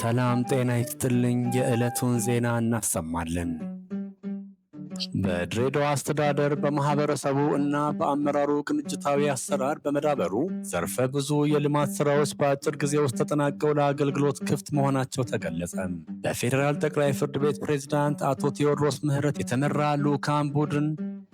ሰላም ጤና ይስጥልኝ። የዕለቱን ዜና እናሰማለን። በድሬዳዋ አስተዳደር በማህበረሰቡ እና በአመራሩ ቅንጅታዊ አሰራር በመዳበሩ ዘርፈ ብዙ የልማት ስራዎች በአጭር ጊዜ ውስጥ ተጠናቀው ለአገልግሎት ክፍት መሆናቸው ተገለጸ። በፌዴራል ጠቅላይ ፍርድ ቤት ፕሬዝዳንት አቶ ቴዎድሮስ ምህረት የተመራ ልዑካን ቡድን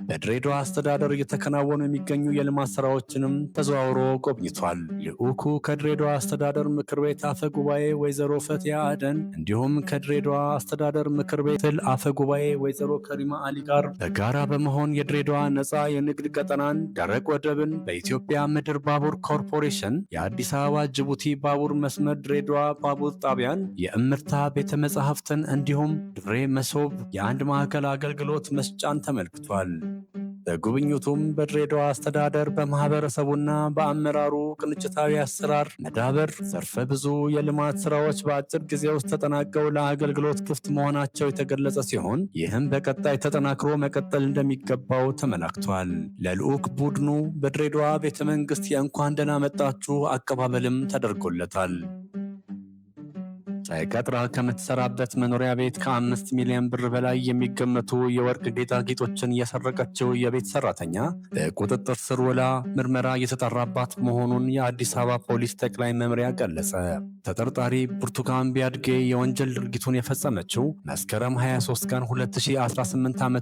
በድሬዳዋ አስተዳደር እየተከናወኑ የሚገኙ የልማት ስራዎችንም ተዘዋውሮ ጎብኝቷል። ልዑኩ ከድሬዳዋ አስተዳደር ምክር ቤት አፈ ጉባኤ ወይዘሮ ፈትያ አደን እንዲሁም ከድሬዳዋ አስተዳደር ምክር ቤት ትል አፈ ጉባኤ ወይዘሮ ከሪማ አሊ ጋር በጋራ በመሆን የድሬዳዋ ነፃ የንግድ ቀጠናን፣ ደረቅ ወደብን፣ በኢትዮጵያ ምድር ባቡር ኮርፖሬሽን፣ የአዲስ አበባ ጅቡቲ ባቡር መስመር ድሬዳዋ ባቡር ጣቢያን፣ የእምርታ ቤተ መጻሕፍትን እንዲሁም ድሬ መሶብ የአንድ ማዕከል አገልግሎት መስጫን ተመልክቷል። በጉብኝቱም በድሬዳዋ አስተዳደር በማህበረሰቡና በአመራሩ ቅንጅታዊ አሰራር መዳበር ዘርፈ ብዙ የልማት ስራዎች በአጭር ጊዜ ውስጥ ተጠናቀው ለአገልግሎት ክፍት መሆናቸው የተገለጸ ሲሆን ይህም በቀጣይ ተጠናክሮ መቀጠል እንደሚገባው ተመላክቷል። ለልዑክ ቡድኑ በድሬዳዋ ቤተ መንግስት የእንኳን ደህና መጣችሁ አቀባበልም ተደርጎለታል። ተቀጥራ ከምትሰራበት መኖሪያ ቤት ከአምስት ሚሊዮን ብር በላይ የሚገመቱ የወርቅ ጌጣጌጦችን የሰረቀችው የቤት ሰራተኛ በቁጥጥር ስር ውላ ምርመራ የተጠራባት መሆኑን የአዲስ አበባ ፖሊስ ጠቅላይ መምሪያ ገለጸ። ተጠርጣሪ ብርቱካን ቢያድጌ የወንጀል ድርጊቱን የፈጸመችው መስከረም 23 ቀን 2018 ዓ ም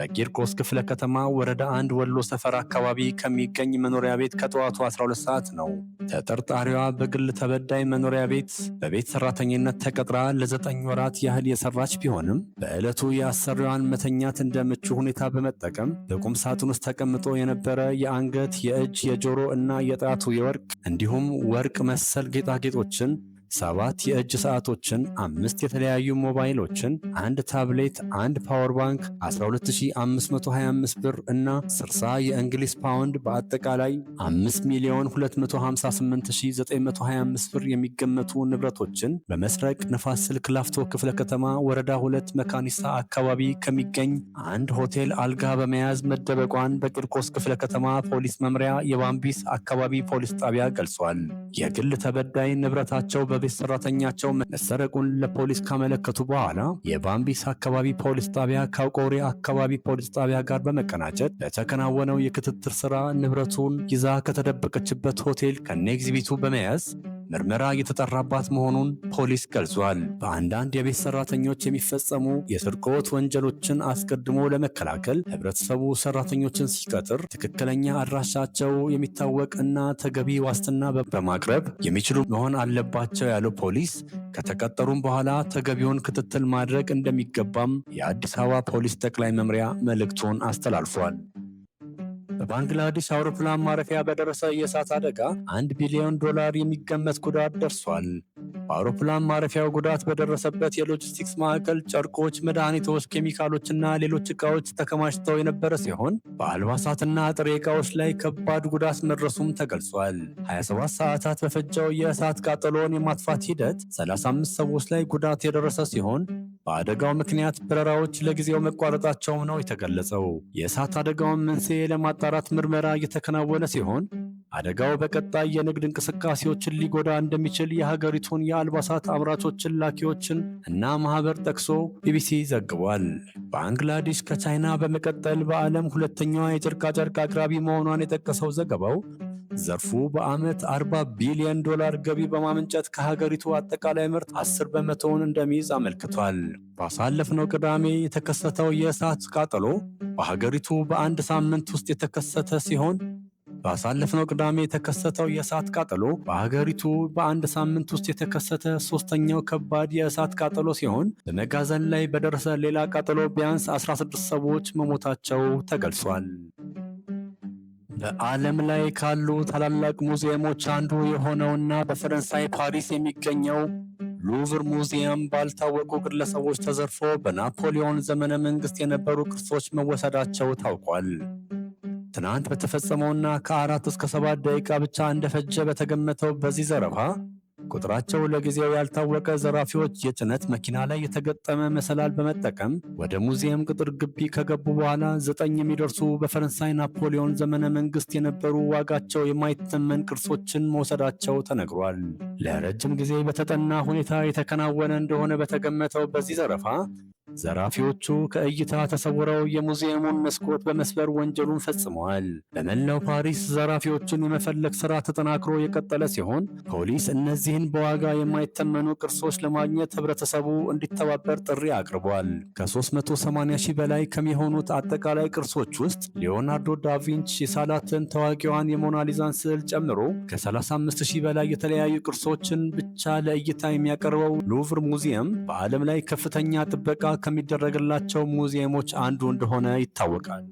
በቂርቆስ ክፍለ ከተማ ወረዳ አንድ ወሎ ሰፈር አካባቢ ከሚገኝ መኖሪያ ቤት ከጠዋቱ 12 ሰዓት ነው። ተጠርጣሪዋ በግል ተበዳይ መኖሪያ ቤት በቤት ሰራተኛ በሰራተኝነት ተቀጥራ ለዘጠኝ ወራት ያህል የሰራች ቢሆንም በዕለቱ የአሰሪዋን መተኛት እንደ ምቹ ሁኔታ በመጠቀም በቁም ሳጥን ውስጥ ተቀምጦ የነበረ የአንገት፣ የእጅ፣ የጆሮ እና የጣቱ የወርቅ እንዲሁም ወርቅ መሰል ጌጣጌጦችን ሰባት የእጅ ሰዓቶችን፣ አምስት የተለያዩ ሞባይሎችን፣ አንድ ታብሌት፣ አንድ ፓወር ባንክ 12525 ብር እና 60 የእንግሊዝ ፓውንድ በአጠቃላይ 5258925 ብር የሚገመቱ ንብረቶችን በመስረቅ ንፋስ ስልክ ላፍቶ ክፍለ ከተማ ወረዳ ሁለት መካኒሳ አካባቢ ከሚገኝ አንድ ሆቴል አልጋ በመያዝ መደበቋን በቂርቆስ ክፍለ ከተማ ፖሊስ መምሪያ የባምቢስ አካባቢ ፖሊስ ጣቢያ ገልጿል። የግል ተበዳይ ንብረታቸው በ በቤት ሰራተኛቸው መሰረቁን ለፖሊስ ካመለከቱ በኋላ የባምቢስ አካባቢ ፖሊስ ጣቢያ ከቆሬ አካባቢ ፖሊስ ጣቢያ ጋር በመቀናጀት ለተከናወነው የክትትል ስራ ንብረቱን ይዛ ከተደበቀችበት ሆቴል ከነ ኤግዚቢቱ በመያዝ ምርመራ የተጠራባት መሆኑን ፖሊስ ገልጿል። በአንዳንድ የቤት ሰራተኞች የሚፈጸሙ የስርቆት ወንጀሎችን አስቀድሞ ለመከላከል ህብረተሰቡ ሰራተኞችን ሲቀጥር ትክክለኛ አድራሻቸው የሚታወቅ እና ተገቢ ዋስትና በማቅረብ የሚችሉ መሆን አለባቸው ያለው ፖሊስ ከተቀጠሩም በኋላ ተገቢውን ክትትል ማድረግ እንደሚገባም የአዲስ አበባ ፖሊስ ጠቅላይ መምሪያ መልእክቱን አስተላልፏል። በባንግላዴሽ አውሮፕላን ማረፊያ በደረሰ የእሳት አደጋ አንድ ቢሊዮን ዶላር የሚገመት ጉዳት ደርሷል። በአውሮፕላን ማረፊያው ጉዳት በደረሰበት የሎጂስቲክስ ማዕከል ጨርቆች፣ መድኃኒቶች፣ ኬሚካሎችና ሌሎች ዕቃዎች ተከማችተው የነበረ ሲሆን በአልባሳትና ጥሬ ዕቃዎች ላይ ከባድ ጉዳት መድረሱም ተገልጿል። 27 ሰዓታት በፈጀው የእሳት ቃጠሎን የማጥፋት ሂደት 35 ሰዎች ላይ ጉዳት የደረሰ ሲሆን በአደጋው ምክንያት በረራዎች ለጊዜው መቋረጣቸው ነው የተገለጸው። የእሳት አደጋውን መንስኤ ለማጣራት ምርመራ እየተከናወነ ሲሆን አደጋው በቀጣይ የንግድ እንቅስቃሴዎችን ሊጎዳ እንደሚችል የሀገሪቱን የአልባሳት አምራቾችን ላኪዎችን እና ማህበር ጠቅሶ ቢቢሲ ዘግቧል። ባንግላዴሽ ከቻይና በመቀጠል በዓለም ሁለተኛዋ የጨርቃጨርቅ አቅራቢ መሆኗን የጠቀሰው ዘገባው ዘርፉ በዓመት 40 ቢሊዮን ዶላር ገቢ በማመንጨት ከሀገሪቱ አጠቃላይ ምርት 10 በመቶውን እንደሚይዝ አመልክቷል። ባሳለፍነው ቅዳሜ የተከሰተው የእሳት ቃጠሎ በሀገሪቱ በአንድ ሳምንት ውስጥ የተከሰተ ሲሆን ባሳለፍነው ቅዳሜ የተከሰተው የእሳት ቃጠሎ በሀገሪቱ በአንድ ሳምንት ውስጥ የተከሰተ ሶስተኛው ከባድ የእሳት ቃጠሎ ሲሆን በመጋዘን ላይ በደረሰ ሌላ ቃጠሎ ቢያንስ 16 ሰዎች መሞታቸው ተገልጿል። በዓለም ላይ ካሉ ታላላቅ ሙዚየሞች አንዱ የሆነውና በፈረንሳይ ፓሪስ የሚገኘው ሉቭር ሙዚየም ባልታወቁ ግለሰቦች ተዘርፎ በናፖሊዮን ዘመነ መንግሥት የነበሩ ቅርሶች መወሰዳቸው ታውቋል። ትናንት በተፈጸመውና ከአራት እስከ ሰባት ደቂቃ ብቻ እንደፈጀ በተገመተው በዚህ ዘረፋ ቁጥራቸው ለጊዜው ያልታወቀ ዘራፊዎች የጭነት መኪና ላይ የተገጠመ መሰላል በመጠቀም ወደ ሙዚየም ቅጥር ግቢ ከገቡ በኋላ ዘጠኝ የሚደርሱ በፈረንሳይ ናፖሊዮን ዘመነ መንግስት የነበሩ ዋጋቸው የማይተመን ቅርሶችን መውሰዳቸው ተነግሯል። ለረጅም ጊዜ በተጠና ሁኔታ የተከናወነ እንደሆነ በተገመተው በዚህ ዘረፋ ዘራፊዎቹ ከእይታ ተሰውረው የሙዚየሙን መስኮት በመስበር ወንጀሉን ፈጽመዋል። በመላው ፓሪስ ዘራፊዎችን የመፈለግ ሥራ ተጠናክሮ የቀጠለ ሲሆን ፖሊስ እነዚህን በዋጋ የማይተመኑ ቅርሶች ለማግኘት ህብረተሰቡ እንዲተባበር ጥሪ አቅርቧል። ከ380 ሺህ በላይ ከሚሆኑት አጠቃላይ ቅርሶች ውስጥ ሊዮናርዶ ዳቪንች የሳላትን ታዋቂዋን የሞናሊዛን ስዕል ጨምሮ ከ35 ሺህ በላይ የተለያዩ ቅርሶችን ብቻ ለእይታ የሚያቀርበው ሉቭር ሙዚየም በዓለም ላይ ከፍተኛ ጥበቃ ከሚደረግላቸው ሙዚየሞች አንዱ እንደሆነ ይታወቃል።